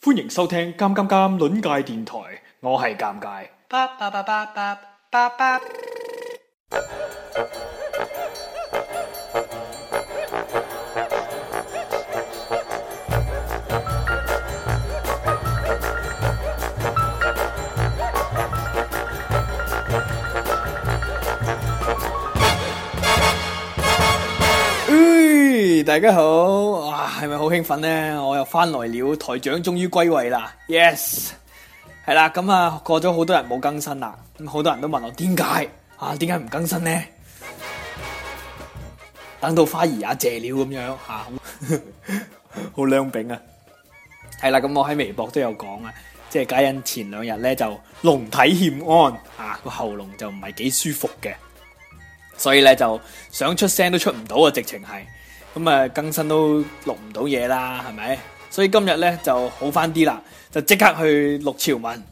歡迎收聽《尷尷尷》戀界電台，我係尷尬。大家好，哇，係咪好興奮咧？我又翻來了，台長終於歸位啦，Yes，係啦，咁啊過咗好多日冇更新啦，咁好多人都問我點解啊，點解唔更新咧？等到花兒也謝了咁樣吓，好靚餅啊！係啦，咁我喺微博都有講啊，即係家欣前兩日咧就龍體欠安啊，個喉嚨就唔係幾舒服嘅，所以咧就想出聲都出唔到啊，直情係。咁啊，更新都錄唔到嘢啦，係咪？所以今日咧就好翻啲啦，就即刻去錄潮文。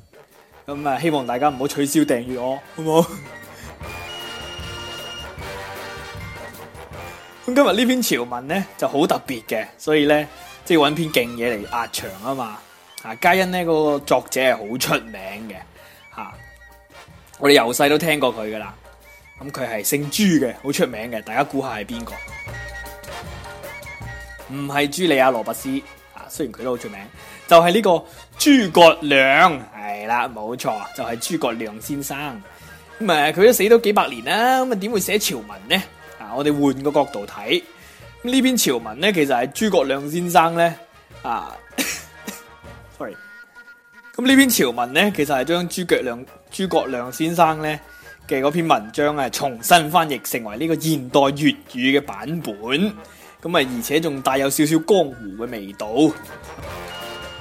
咁啊，希望大家唔好取消訂閱我，好唔好？咁 今日呢篇潮文咧就好特別嘅，所以咧即係揾篇勁嘢嚟壓場啊嘛。啊，皆因咧個作者係好出名嘅，吓我哋由細都聽過佢噶啦。咁佢係姓朱嘅，好出名嘅，大家估下係邊個？唔係茱莉亞羅伯斯啊，雖然佢都好出名，就係、是、呢個諸葛亮係啦，冇錯，就係、是、諸葛亮先生。咁啊佢都死咗幾百年啦，咁啊點會寫潮文呢？啊，我哋換個角度睇，呢篇潮文呢，其實係諸葛亮先生咧啊，sorry，咁呢篇潮文呢，其實係將諸葛亮諸葛亮先生咧嘅嗰篇文章啊，重新翻譯成為呢個現代粵語嘅版本。咁啊，而且仲帶有少少江湖嘅味道，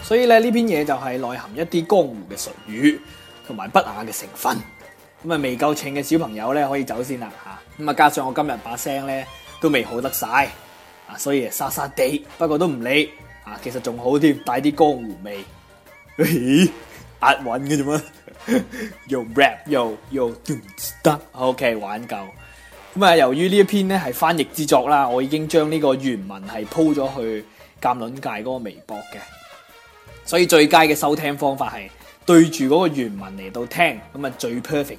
所以咧呢邊嘢就係內含一啲江湖嘅術語同埋不雅嘅成分。咁啊，未夠秤嘅小朋友咧可以先走先啦嚇。咁啊，加上我今日把聲咧都未好得晒，啊，所以沙沙地，不過都唔理啊。其實仲好啲，帶啲江湖味。壓韻嘅咋嘛？又 rap 又又點得？OK 玩夠。咁啊，由於呢一篇咧係翻譯之作啦，我已經將呢個原文係 po 咗去鑑論界嗰個微博嘅，所以最佳嘅收聽方法係對住嗰個原文嚟到聽，咁啊最 perfect。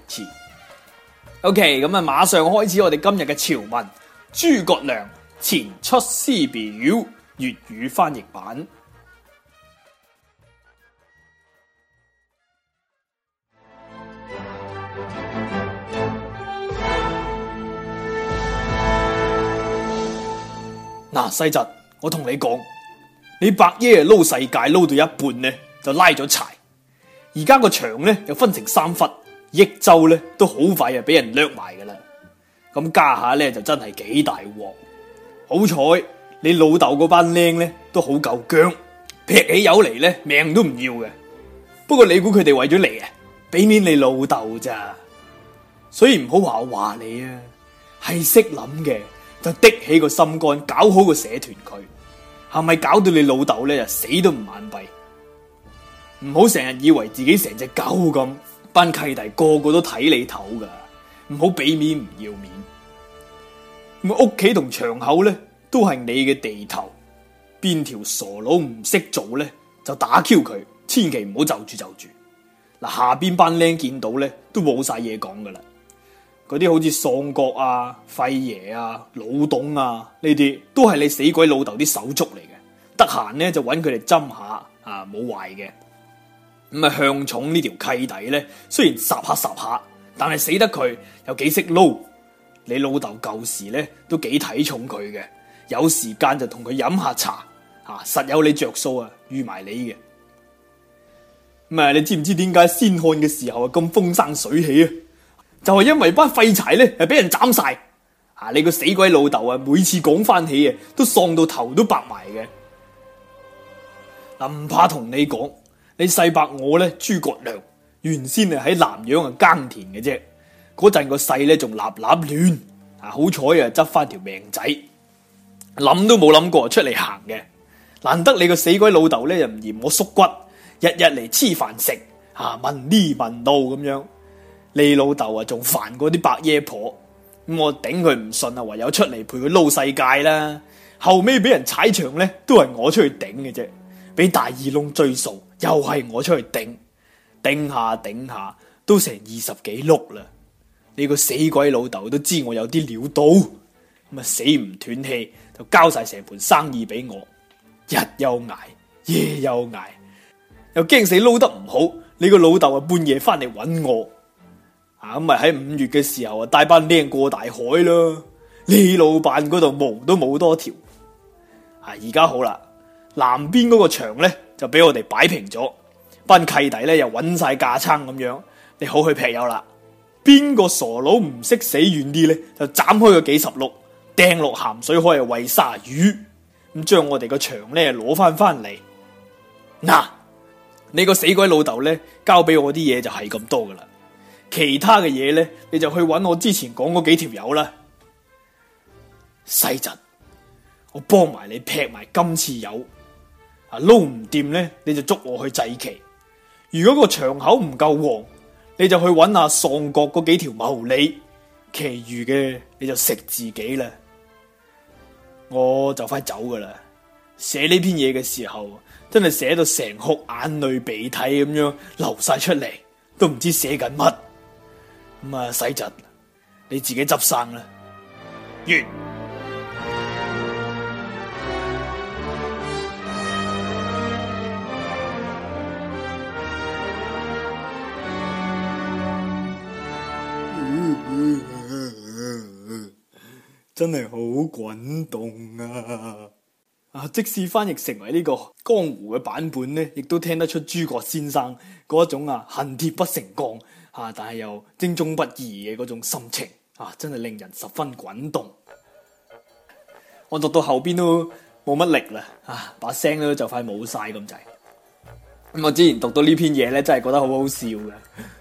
OK，咁啊，馬上開始我哋今日嘅潮文《諸葛亮前出師表》粵語翻譯版。嗱，世侄，啊，我同你講，你伯爺撈世界撈到一半呢，就拉咗柴。而家個場呢又分成三忽，益州呢都好快又俾人掠埋噶啦。咁家下呢就真係幾大鑊。好彩你老豆嗰班僆呢都好夠薑，劈起友嚟呢命都唔要嘅。不過你估佢哋為咗你啊，俾面你老豆咋？所以唔好話我話你啊，係識諗嘅。佢的起個心肝，搞好個社團佢，係咪搞到你老豆咧？就死都唔眼閉，唔好成日以為自己成隻狗咁，班契弟個個都睇你頭噶，唔好俾面唔要面。屋企同牆口咧都係你嘅地頭，邊條傻佬唔識做咧就打 Q 佢，千祈唔好就住就住。嗱下邊班僆見到咧都冇晒嘢講噶啦。嗰啲好似喪國啊、廢爺啊、老董啊呢啲，都係你死鬼老豆啲手足嚟嘅。得閒呢就揾佢哋針下啊，冇壞嘅。咁、嗯、啊向寵呢條契弟呢，雖然霎下霎下，但係死得佢又幾識撈。你老豆舊時呢都幾睇重佢嘅，有時間就同佢飲下茶啊，實有你着數啊，預埋你嘅。咪、嗯、你知唔知點解先漢嘅時候啊咁風生水起啊？就係因為班廢柴咧，係俾人斬晒。啊！你個死鬼老豆啊，每次講翻起啊，都喪到頭都白埋嘅。嗱，唔怕同你講，你細伯我咧，諸葛亮原先啊喺南陽啊耕田嘅啫。嗰陣個世咧仲立立亂啊，好彩啊執翻條命仔，諗都冇諗過出嚟行嘅。難得你個死鬼老豆咧又唔嫌我縮骨，日日嚟黐飯食啊問呢問路咁樣。你老豆啊，仲煩過啲白爺婆，咁我頂佢唔順啊，唯有出嚟陪佢撈世界啦。後尾俾人踩場咧，都係我出去頂嘅啫。俾大耳窿追數，又係我出去頂，頂下頂下都成二十幾碌啦。你個死鬼老豆都知我有啲料到，咁啊死唔斷氣就交晒成盤生意俾我，日又挨，夜又挨，又驚死撈得唔好，你個老豆啊半夜翻嚟揾我。啊咁咪喺五月嘅時候啊，帶班僆過大海咯！李老闆嗰度毛都冇多條。啊，而家好啦，南邊嗰個牆咧就俾我哋擺平咗，班契弟咧又揾晒架撐咁樣，你好去劈友啦！邊個傻佬唔識死遠啲咧，就斬開個幾十碌，掟落咸水海啊餵鯊魚，咁將我哋個牆咧攞翻翻嚟。嗱，啊，你個死鬼老豆咧，交俾我啲嘢就係咁多噶啦。其他嘅嘢咧，你就去揾我之前講嗰幾條友啦。細侄，我幫埋你劈埋金翅友，啊撈唔掂咧，你就捉我去祭旗。如果個場口唔夠旺，你就去揾下喪國嗰幾條茂利，其餘嘅你就食自己啦。我就快走噶啦。寫呢篇嘢嘅時候，真係寫到成哭眼淚鼻涕咁樣流晒出嚟，都唔知寫緊乜。咁啊，洗侄，你自己執生啦，完。真係好滾動啊！啊，即使翻譯成為呢個江湖嘅版本咧，亦都聽得出諸葛先生嗰種啊恨鐵不成鋼。啊！但係又精忠不移嘅嗰種心情啊，真係令人十分滾動。我讀到後邊都冇乜力啦，啊，把聲咧就快冇晒咁滯。咁我之前讀到這篇呢篇嘢咧，真係覺得好好笑嘅，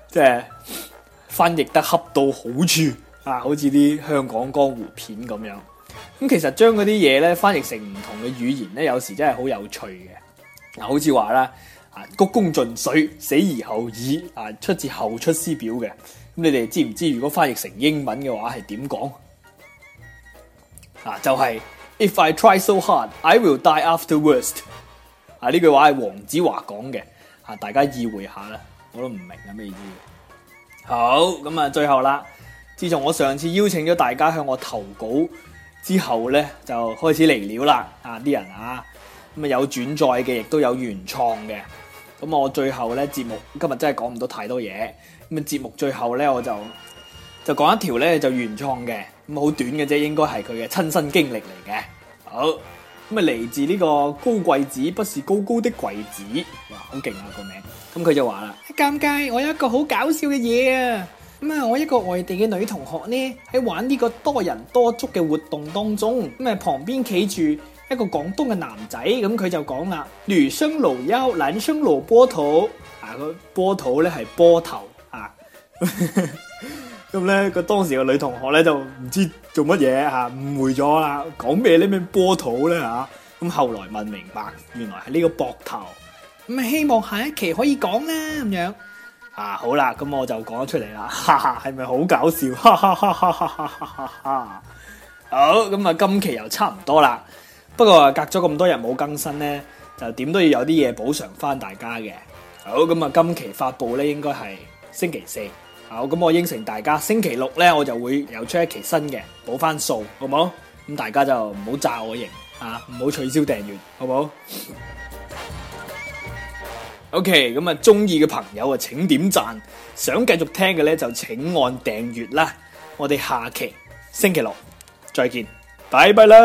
即 係、就是、翻譯得恰到好處啊，好似啲香港江湖片咁樣。咁其實將嗰啲嘢咧翻譯成唔同嘅語言咧，有時真係好有趣嘅。嗱，好似話啦。鞠躬盡瘁，死而後已。啊，出自《後出師表》嘅。咁你哋知唔知如果翻譯成英文嘅話係點講？啊，就係、是、If I try so hard, I will die after worst。啊，呢句話係黃子華講嘅。啊，大家意會下啦，我都唔明係咩意思。好，咁啊，最後啦。自從我上次邀請咗大家向我投稿之後咧，就開始嚟料啦。啊，啲人啊，咁啊有轉載嘅，亦都有原創嘅。咁我最後咧，節目今日真係講唔到太多嘢。咁啊節目最後咧，我就就講一條咧，就原創嘅，咁好短嘅啫，應該係佢嘅親身經歷嚟嘅。好，咁啊嚟自呢個高貴子不是高高的貴子，哇好勁啊個名，咁佢就話啦，尷尬，我有一個好搞笑嘅嘢啊，咁啊我一個外地嘅女同學咧，喺玩呢個多人多足嘅活動當中，咁啊旁邊企住。一個廣東嘅男仔，咁佢就講啦：女生露腰，男生露、啊、波肚。啊，個波肚咧係波頭啊。咁咧，個當時個女同學咧就唔知做乜嘢吓，誤會咗啦，講咩呢？咩波肚咧吓。咁、啊、後來問明白，原來係呢個膊頭。咁啊，希望下一期可以講啦、啊，咁樣。啊，好啦，咁我就講咗出嚟啦，哈哈，係咪好搞笑？哈哈哈哈，好，咁啊，今期又差唔多啦。不過隔咗咁多日冇更新呢，就點都要有啲嘢補償翻大家嘅。好，咁啊，今期發佈咧，應該係星期四。好咁，我應承大家，星期六呢，我就會又出一期新嘅補翻數，好唔好？咁大家就唔好炸我型啊，唔好取消訂閱，好唔好？OK，咁啊，中意嘅朋友啊，請點讚，想繼續聽嘅呢，就請按訂閱啦。我哋下期星期六再見，拜拜啦。